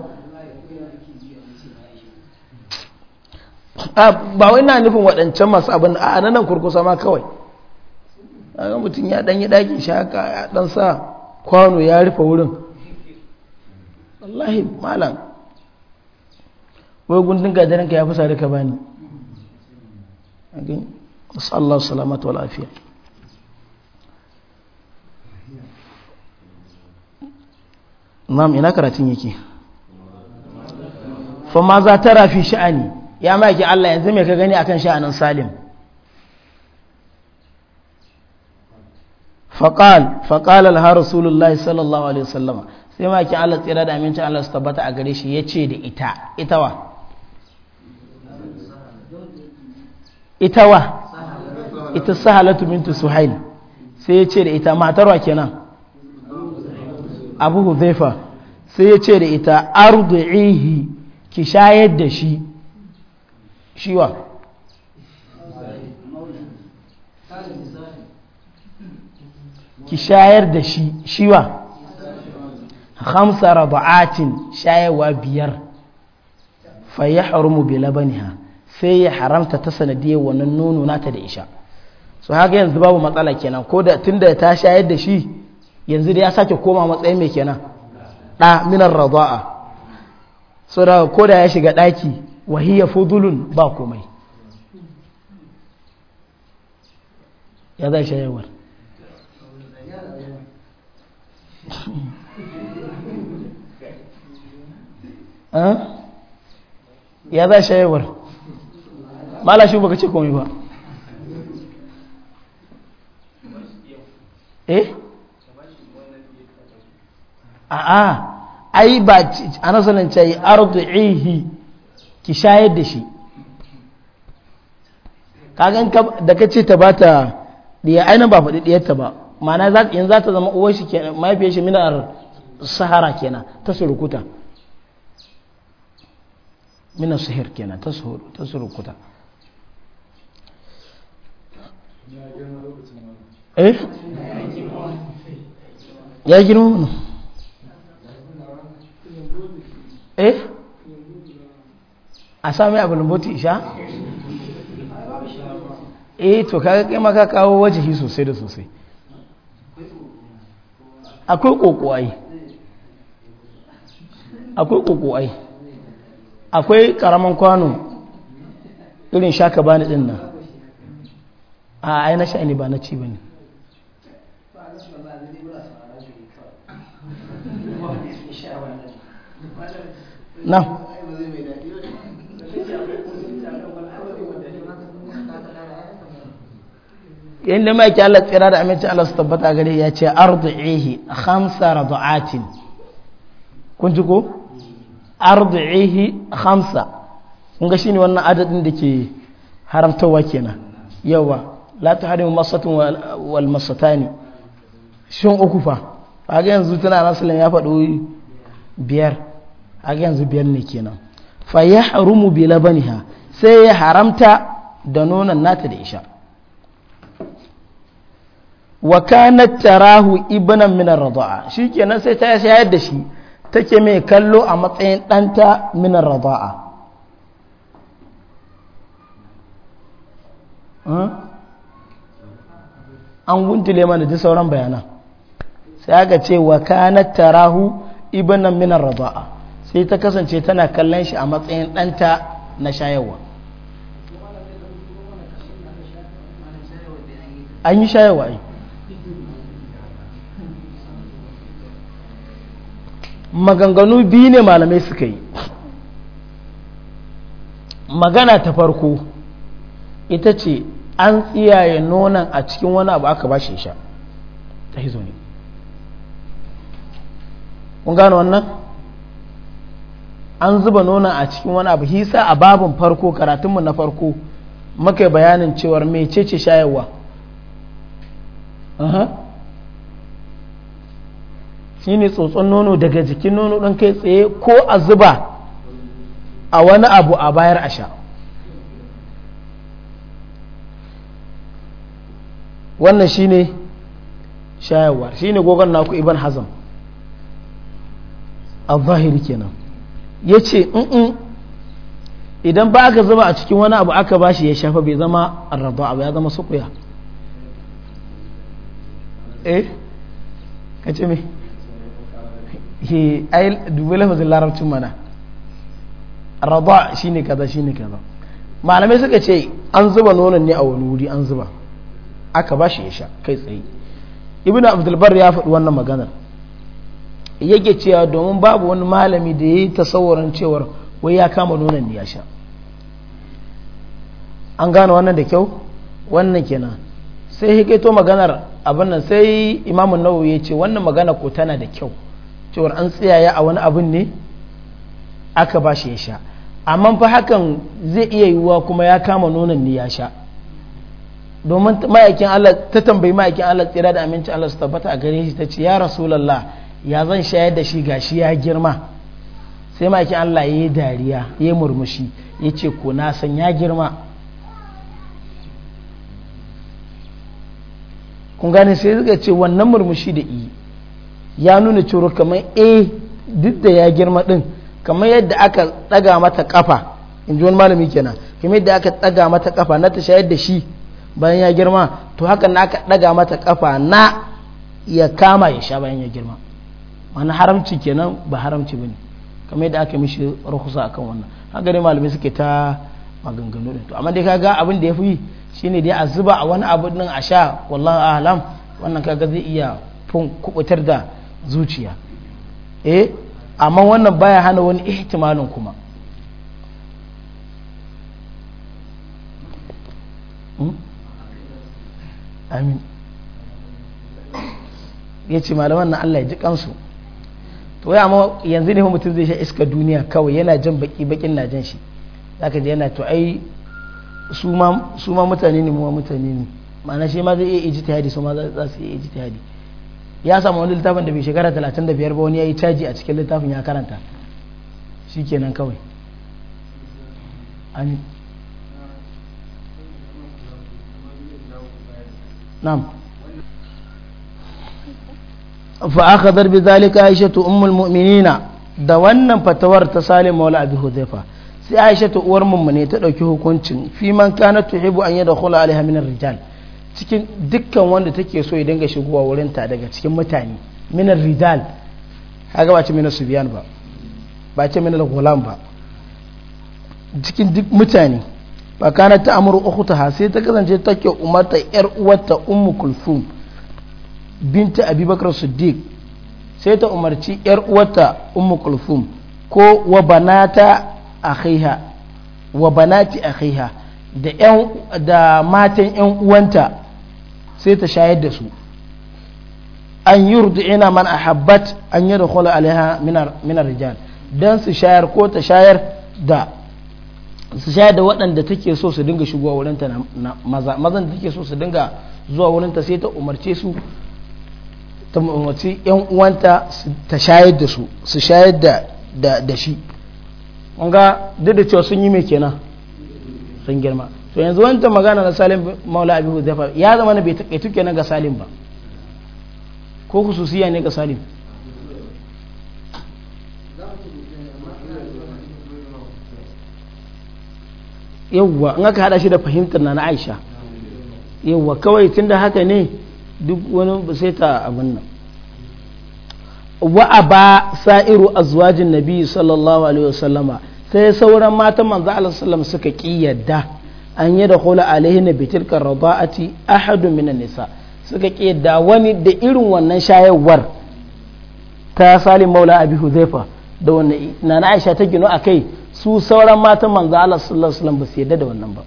ah, ba wai na nufin waɗancan masu abin a nan kurkusa ma kawai kaga mutum ya ɗanyi yi shaka ya ɗan sa kwano ya rufe wurin wallahi malam wai gundun gadarin ka ya fi sare ka bani agin sallallahu salamatu wa lafiya nam ina karatun yake fa ma za ta rafi sha'ani ya maki Allah yanzu mai ka gani akan sha'anin salim Faƙal alhara alha rasulullahi sallallahu alaihi wasallam sai ma ki Allah tsira da amincin Allah su tabbata a gare shi ya ce da ita itawa itawa ita sahalatu su suhail sai ya ce da ita matarwa kenan abu huzaifa sai ya ce da ita ardu'ihi ki shayar da shi shiwa ki shayar da shi shiwa hamsa raba'atin shayarwa biyar fa ya harumu bi sai ya haramta ta sanadiyar wannan nono nata da isha so haka yanzu babu matsala kenan ko da tunda ta shayar da shi yanzu da ya sake koma matsayin mai kenan da minar raba'a so da ko da ya shiga daki wahiya fudulun ba komai ya zai shayarwar ya za shayarwar mala shi baka ce komi ba eh a'a ai ba a nasarar cayi yi ardu'ihi ki shayar da shi kagan da ka ce ta ba ta ɗiya ainihin ba faɗi ɗiyar ta ba ma'ana in za ta zama uwar shi kenan mahaifiyar shi minar sahara kenan ta surukuta mina sahir kenan ta surukuta eh ya girma wani eh a sami abu lumboti sha eh to kaga kai maka kawo wajihi sosai da sosai akwai ƙoƙo akwai kokowai akwai ƙaramin kwano irin shaka bani ɗin nan a ai na sha'ani ba na ci ba ne na yadda ma yake Allah tsira da aminci Allah su tabbata gare ya ce ardu'ihi khamsa radu'atin kun ji ko ardu'ihi khamsa kun ga shine wannan adadin da ke haramtawa kenan yawa la tahrimu masatun wal masatani shin uku fa kaga yanzu tana rasulun ya faɗo biyar kaga yanzu biyar ne kenan fa yahrumu bi labaniha sai ya haramta da nonon nata da isha wa kanat tarahu ibnan min ar-rida'a shikenan sai ta shayar da shi take mai kallo a matsayin danta min ar-rida'a hmm? an guntule mana da sauran bayanan sai aka ce wa kanat tarahu ibnan min ar-rida'a sai ta kasance tana kallon shi a matsayin danta na shayarwa an yi shayarwa ai maganganu biyu ne malamai suka yi magana ta farko ita ce an tsiyaye nonon a cikin wani abu aka bashi sha ta hizo ne kun gano wannan an zuba nonon a cikin wani abu hisa a babin farko karatunmu na farko muka bayanin cewar mecece shayarwa shi ne tsotson nono daga jikin nono ɗan kai tsaye ko a zuba a wani abu a bayar a sha wannan shi ne shayarwa shi ne gogon naku iban hazan a zahiri kenan ya ce idan ba aka zuba a cikin wani abu aka bashi ya shafa bai zama arraba abu ya zama sukuya eh ka ce me he ai lafazin larabcin mana shi ne kaza ne kaza malamai suka ce an zuba nonon ne a wani wuri an zuba aka ba shi ya sha kai tsaye Ibn Abdulbar ya faɗi wannan maganar yake cewa domin babu wani malami da ya yi tasawuran cewar wai ya kama nonon ne ya sha an gane wannan da kyau wannan kenan sai ya hikaito maganar abin nan sai imamu nawawi ya ce wannan magana ko tana da kyau cewar an tsiyaya a wani abin ne aka ba shi ya sha amma fa hakan zai iya yiwuwa kuma ya kama nonon ne ya sha domin ma'aikin Allah ta tambayi ma'aikin Allah tsira da amincin Allah su tabbata a gare shi ta ce ya rasu rasulallah ya zan shayar da shi ga shi ya girma sai ma'aikin Allah ya yi dariya ya yi murmushi ya ce ko na san ya girma kun gane sai suka ce wannan murmushi da i ya nuna cewa kamar a eh, duk da ya girma din kamar yadda aka daga mata kafa in ji wani malami kenan kamar yadda aka daga mata kafa na ta shayar da shi bayan ya girma to haka na aka daga mata kafa na ya kama ya sha bayan ya girma wani haramci kenan ba haramci bane kamar yadda aka mishi rukusa akan wannan haka ne malami suke ta maganganu din to amma dai kaga abin da ya fi Shi ne dai a zuba a wani abu din a sha wallahu alam wannan kaga zai iya fun kubutar da zuciya eh amma wannan baya hana wani ihtimalin kuma hmm? amin ya ce malaman na Allah ya ji kansu to ya amma yanzu ne mutum zai sha iska duniya kawai yana jan baki bakin na jan shi zaka je yana to ai su ma mutane ne muwa mutane ne ma'ana shi ma zai iya iji tihadi su ma za su iya iji tihadi ya samu wani littafin da bai shekara 35 ba wani ya yi caji a cikin littafin ya karanta shi kenan kawai نعم zalika aisha tu ummul mu'minina da wannan fatawar ta Salim Maula Abi Hudhaifa sai aisha ta uwar mummune ta ɗauki hukuncin fi man kana tuhibu an yada khula alaiha minar rijal cikin dukkan wanda take so ya dinga shigowa wurin ta daga cikin mutane minar rijal Haga ba ce minar subiyan ba ba ce minar gulam ba cikin duk mutane ba kana ta amuru ukhtaha sai ta kasance take umarta yar uwarta ummu kulthum binta abubakar siddiq sai ta umarci yar uwarta ummu kulthum ko wa banata akhiha wa banati akhiha da yan da matan yan uwanta sai ta shayar da su an yurdu ina man ahabbat an yi dukula alaiha minar rijal don su shayar ko ta shayar da su shayar da waɗanda take so su dinga shigowa wurinta na maza mazan da take so su dinga zuwa wurinta sai ta umarce su ta umarci yan uwanta ta shayar da su su shayar da shi nga duk da cewa sun yi mai kenan sun girma to yanzu wanda magana na salim maula abu zafa ya zama na bai taƙaitu kenan ga salim ba ko hususiya ne ga salim yawwa in aka hada shi da fahimtar na na aisha yawwa kawai tun da haka ne duk wani sai ta abin nan wa ba sa'iru azwajin nabi sallallahu alaihi wasallama sai sauran matan manzo Allah sallam suka ki yadda an yi da khula alaihi na tilka rada'ati ahadu minan nisa suka ki wani da irin wannan shayarwar ta Salim Maula Abi Huzaifa da wannan nana Aisha ta gino kai su sauran matan manzo Allah sallallahu alaihi wasallam ba su yadda da wannan ba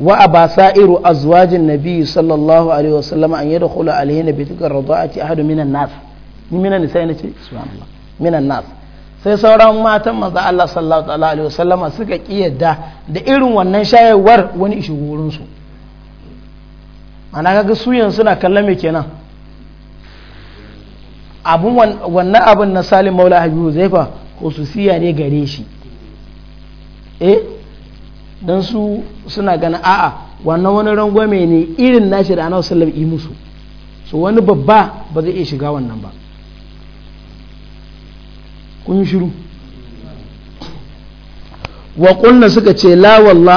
wa a ba sa'iru a zuwajin nabi sallallahu alaihi wa wasallam an yi da kula alhina bai tukar rado a ce ahadu minan nas ni minan nisa yana ce subhanallah minan nas sai sauran matan maza Allah sallallahu alaihi wasallam suka kiyarda da irin wannan shayarwar wani ishi wurin su ana ga su yanzu na kallon me kenan abun wannan abun na salim maula habibu zaifa ko su siya ne gare shi eh don su suna ganin a'a wannan wani rangwame ne irin nashi da ana sallam yi musu so wani babba ba zai iya shiga wannan ba kun shiru wa suka ce la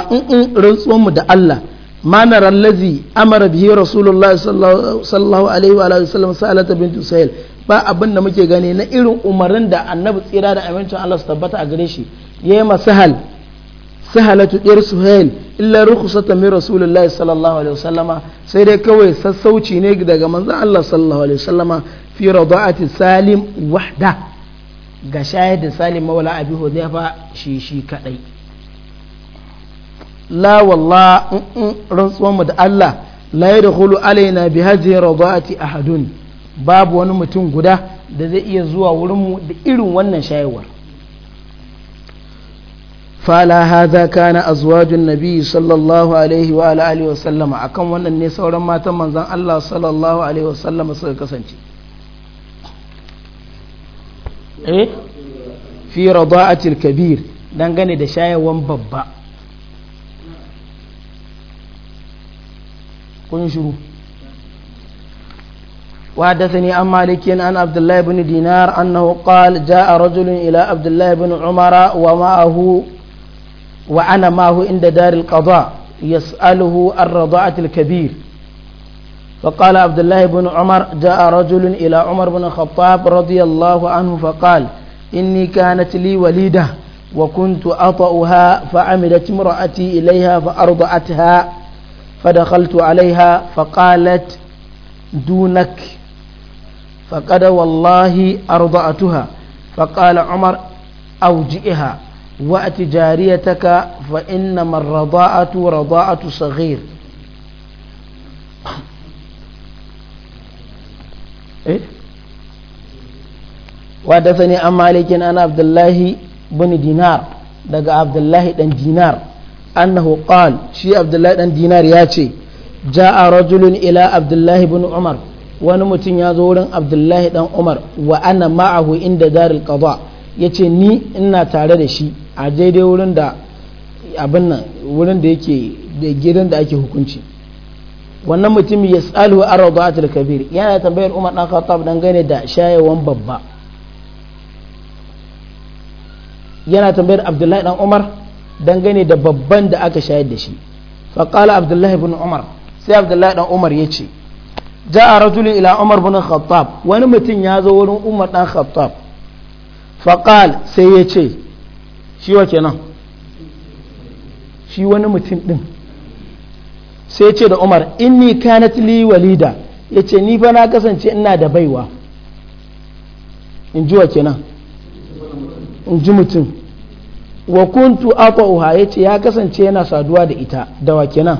in in rantsuwan mu da Allah manar nara allazi amara bihi rasulullahi sallallahu alaihi wa alihi wasallam salata bint usail ba abin da muke gani na irin umarin da annabi tsira da amincin Allah su tabbata a gare shi yayi masahal sahalatu ɗiyar suhail illa rukhsata min rasulullahi sallallahu alaihi wasallama sai dai kawai sassauci ne daga manzon Allah sallallahu alaihi wasallama fi rada'ati salim wahda ga shayar da salim maula abi hudayfa shi shi kadai la wallah mm, mm, rantsuwan mu da Allah la yadkhulu alaina bi hadhihi rada'ati ahadun babu wani mutum guda da zai iya zuwa wurin mu da irin wannan shayarwar fala hadha kana azwajun nabi sallallahu alaihi wa wa sallama akan wannan ne sauran matan manzon ala sallallahu alaihi wa sallama suka kasance eh fi rada'atil kabir dangane da shayawan babba kun shiru وحدثني عن مالك عن عبد الله بن دينار أنه قال جاء رجل إلى عبد الله بن عمر ومعه وأنا معه عند دار القضاء يسأله الرضاعة الكبير فقال عبد الله بن عمر جاء رجل إلى عمر بن الخطاب رضي الله عنه فقال إني كانت لي وليدة وكنت أطأها فعمدت امرأتي إليها فأرضعتها فدخلت عليها فقالت دونك فقد والله أرضعتها فقال عمر أوجئها وأت جاريتك فإنما الرضاعة رضاعة صغير إيه؟ وحدثني عن مالك أن عبد الله بن دينار دقى عبد الله بن دينار أنه قال شي عبد الله بن دينار ياتي جاء رجل إلى عبد الله بن عمر wani mutum ya zo wurin abdullahi dan umar wa ana ma'ahu inda daril qada yace ni ina tare da shi a daidai wurin da abin nan wurin da yake da gidan da ake hukunci wannan mutum ya tsalu a rawdatul kabir yana tambayar Umar dan Khattab dangane da shayawan babba yana tambayar Abdullahi dan Umar dangane da babban da aka shayar da shi faƙala Abdullahi bin Umar sai Abdullahi dan Umar ya ce a rajulun ila Umar bin Khattab wani mutum ya zo wurin Umar dan Khattab faƙal sai ya ce shi wa kenan shi wani mutum ɗin sai ce da umar inni kanat li walida ya ce ni fa na kasance ina da baiwa in ji wa kenan in ji mutum wa kuntu akwa yace ya kasance yana saduwa da ita da wa kenan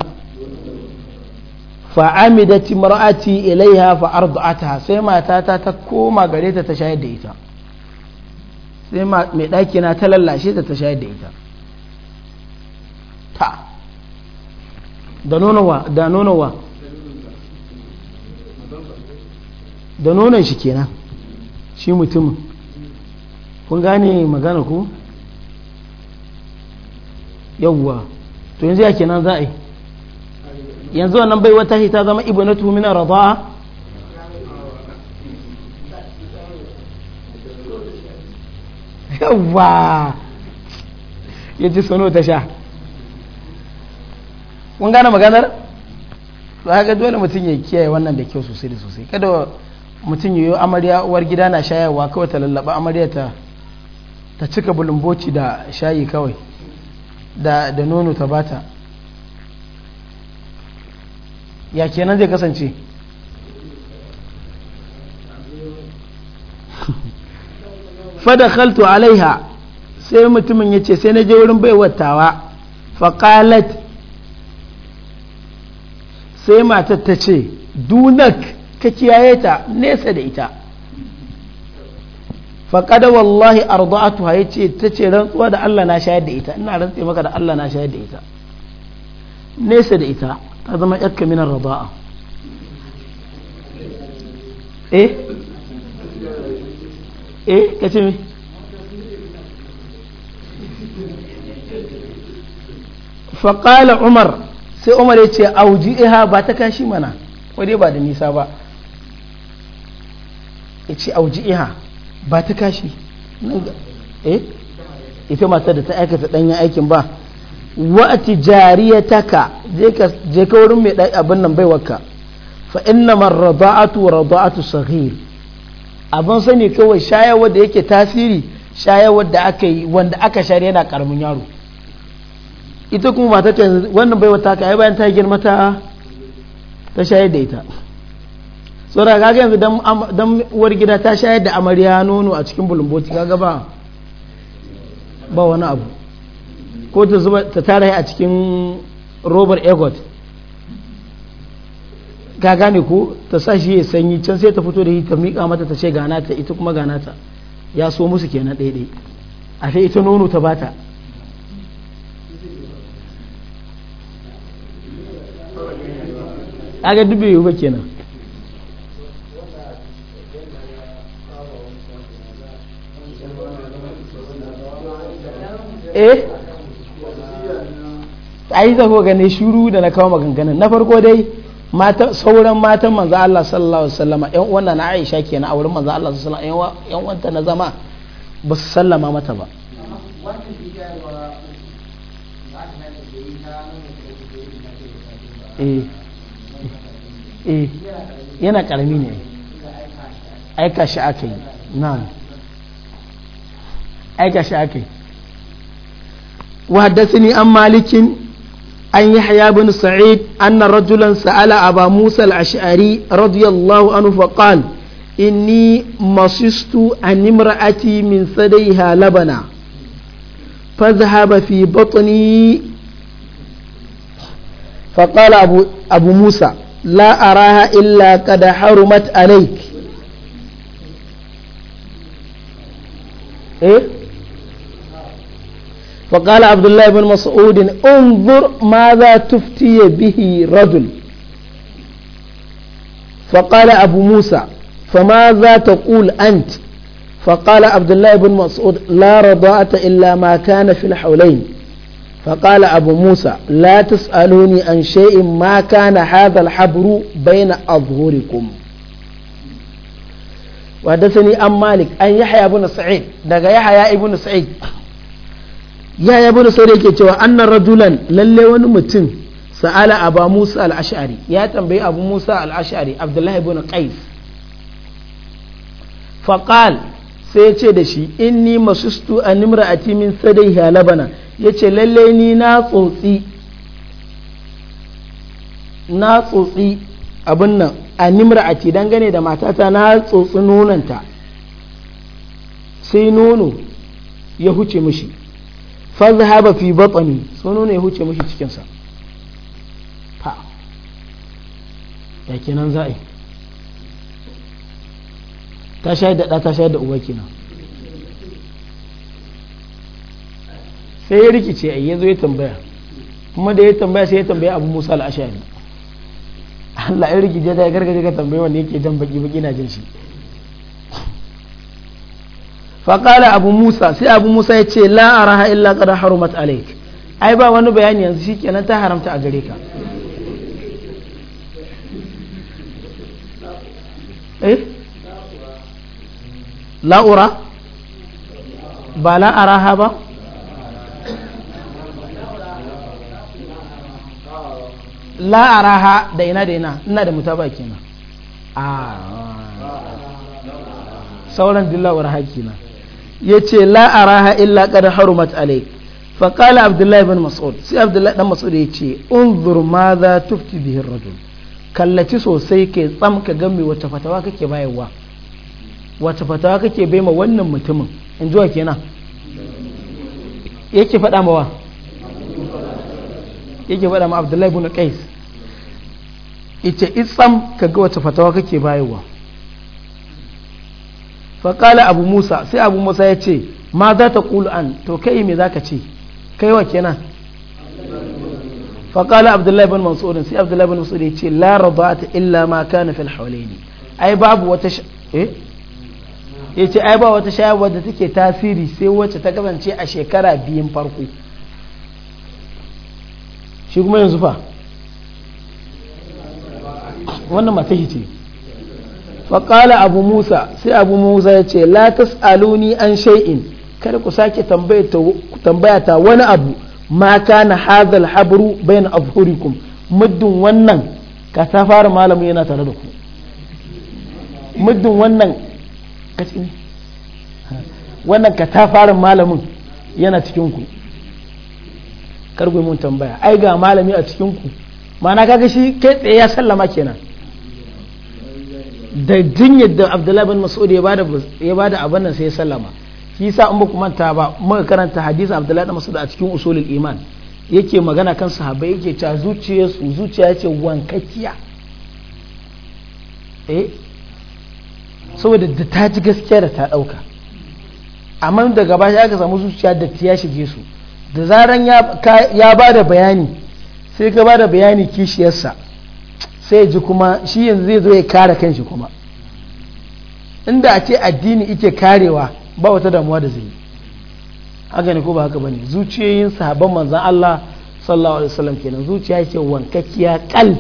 fa amidat imra'ati ilaiha da ta sai matata ta koma gare ta ta shayar da ita sai mai ɗaki na ta lallashe ta ta shayar da ita ta da nonowa da nonowa da nonon shi kenan shi mutumin kun gane magana ku yawwa to yanzu ya kenan za a yi yanzu wannan bai wata ta zama ibnatu min rada'a yawwa ya ji sono ta sha kun gane maganar za ka dole mutum ya kiyaye wannan da kyau sosai da sosai kada mutum ya yi amarya uwar gida na shayarwa kawai ta lallaba amarya ta ta cika bulumboci da shayi kawai da da nono ta bata ya kenan zai kasance fadakhaltu alaiha sai mutumin ya ce sai na je wurin baiwar tawa faƙalat sai matar ta ce dunak ka kiyaye ta nesa da ita faƙada wallahi arda'atu ya ce ta ce rantsuwa da Allah na shayar da ita ina rantse maka da Allah na shayar da ita nesa da ita ta zama yakka minar raba'a eh eh ka ce me faƙala umar sai umar ya ce auji iha ba ta kashi mana dai ba da nisa ba ya ce auji iha ba ta kashi eh ita matar da ta aikata ɗanyen aikin ba wa'ati jariyataka je ka wurin mai abin nan baiwarka fa inna man rada'atu rada'atu saghir abin sani kawai shayarwar da yake tasiri shayarwar da aka yi wanda aka shayar yana karamin yaro ita kuma mata ta wannan bai wata kai bayan ta girma ta ta shayar da ita saboda kaga yanzu dan uwar gida ta shayar da amarya nono a cikin bulumboti kaga ba wani abu ko ta zuba ta tara a cikin robar egot ka gane ko ta sa shi ya sanyi can sai ta fito da shi ta miƙa mata ta ce gana ta ita kuma gana ta ya so musu kenan ɗaiɗai ta ita nono ta bata aga dubbe yau ba kenan eh a yi zafi gane shuru da na kawo maganganun na farko dai mata sauran matan manzo Allah sallallahu alaihi wasallama ƴan wannan na Aisha kenan a wurin manzo Allah sallallahu alaihi wasallama ƴan wanta na zama ba su sallama mata ba Eh, eh yana karami ne aika shi aka yi na'am aika shi aka yi wa haddathani an malikin an yahya bin sa'id anna rajulan sa'ala aba musa al-ash'ari radiyallahu anhu fa qala inni masistu an imra'ati min sadaiha labana fadhhaba fi batni فقال أبو, abu musa la araha illa قد حرمت عليك إيه فقال عبد الله بن مسعود انظر ماذا تفتي به رجل فقال أبو موسى فماذا تقول أنت فقال عبد الله بن مسعود لا رضاءة إلا ما كان في الحولين فقال أبو موسى لا تسألوني عن شيء ما كان هذا الحبر بين أظهركم وحدثني أم مالك أن يحيى بن سعيد دقى يحيى ابن سعيد ya ya da sauri yake cewa annan rajulan lalle wani mutum sa'ala aba musa al ya tambayi abu musa al-ash'ari abdullahi ibn qais faqal sai ya ce da shi inni masustu an imra'ati min sadaiha labana yace lalle ni na tsotsi na tsotsi abin nan a nimra'ati dangane da matata na tsotsi nonanta sai nono ya huce mishi fazhaba fi batani sono ne ya huce mashi cikinsa fa ya kenan za'a ta shayar da ɗa ta shayar da uba kenan sai ya rikice a yanzu ya tambaya kuma da ya tambaya sai ya tambaya abu musa al'ashari Allah ya rikice ta ya gargaje ka tambayi wanda yake jan baki baki na jin shi faƙala abu musa sai abu musa ya ce la araha illa qad harumat alaik ai ba wani bayani yanzu shikenan ta haramta a gare ka eh la'ura ba yace la araha illa qad harumat alayk fa qala abdullahi ibn mas'ud sai abdullahi dan mas'ud yace unzur madha tufti bihi ar-rajul kallaci sosai ke tsam ka ga me wata fatawa kake bayarwa wata fatawa kake baima wannan mutumin in zuwa kenan yake faɗa mawa yake faɗa ma abdullahi ibn qais ita itsam kaga wata fatawa kake bayarwa faƙala abu musa sai abu musa ya ce ma za ta an to kai me za ka ce kai wa kenan faƙala abdullahi bin mas'udin sai abdullahi bin mas'udin ya ce la radata illa ma kana fil hawlaini ai babu wata eh ya ce ai ba wata shayarwa da take tasiri sai wacce ta kasance a shekara biyun farko shi kuma yanzu fa wannan mata ce faƙala abu musa sai abu musa ya ce la tas'aluni an shay'in kada ku sake tambaya ta wani abu ma kana hadhal habru bayan abhurikum muddin wannan ka ta fara malamin yana tare da ku muddin wannan wannan ka ta fara malamin yana cikin ku kar mun tambaya ai ga malami a cikin ku ma'ana kaga shi kai tsaye ya sallama kenan da jin yadda abdullahi bin mas'ud ya bada ya bada abin nan sai ya sallama shi yasa in ba ku manta ba muka karanta hadisi abdullahi bin mas'ud a cikin usulul iman yake magana kan sahaba yake zuciya zuciyarsu zuciya ce wankakkiya eh saboda da ta ji gaskiya da ta dauka amma daga baya aka samu zuciya da ta shige su da zaran ya ba da bayani sai ka ba da bayani kishiyarsa sai ji kuma shi yanzu zai zo ya kare kanshi kuma inda a ce addini ike karewa ba wata damuwa da zai yi haka ne ko ba haka bane zuciyoyin sahabban manzan Allah sallallahu alaihi wasallam kenan zuciya ce wankakkiya kal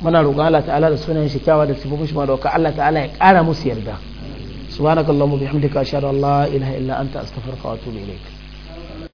muna roƙon Allah ta'ala da sunayen shi kyawa da sifofin shi ma da Allah ta'ala ya ƙara musu yarda subhanakallahumma bihamdika ashhadu an la ilaha illa anta astaghfiruka wa atubu ilaik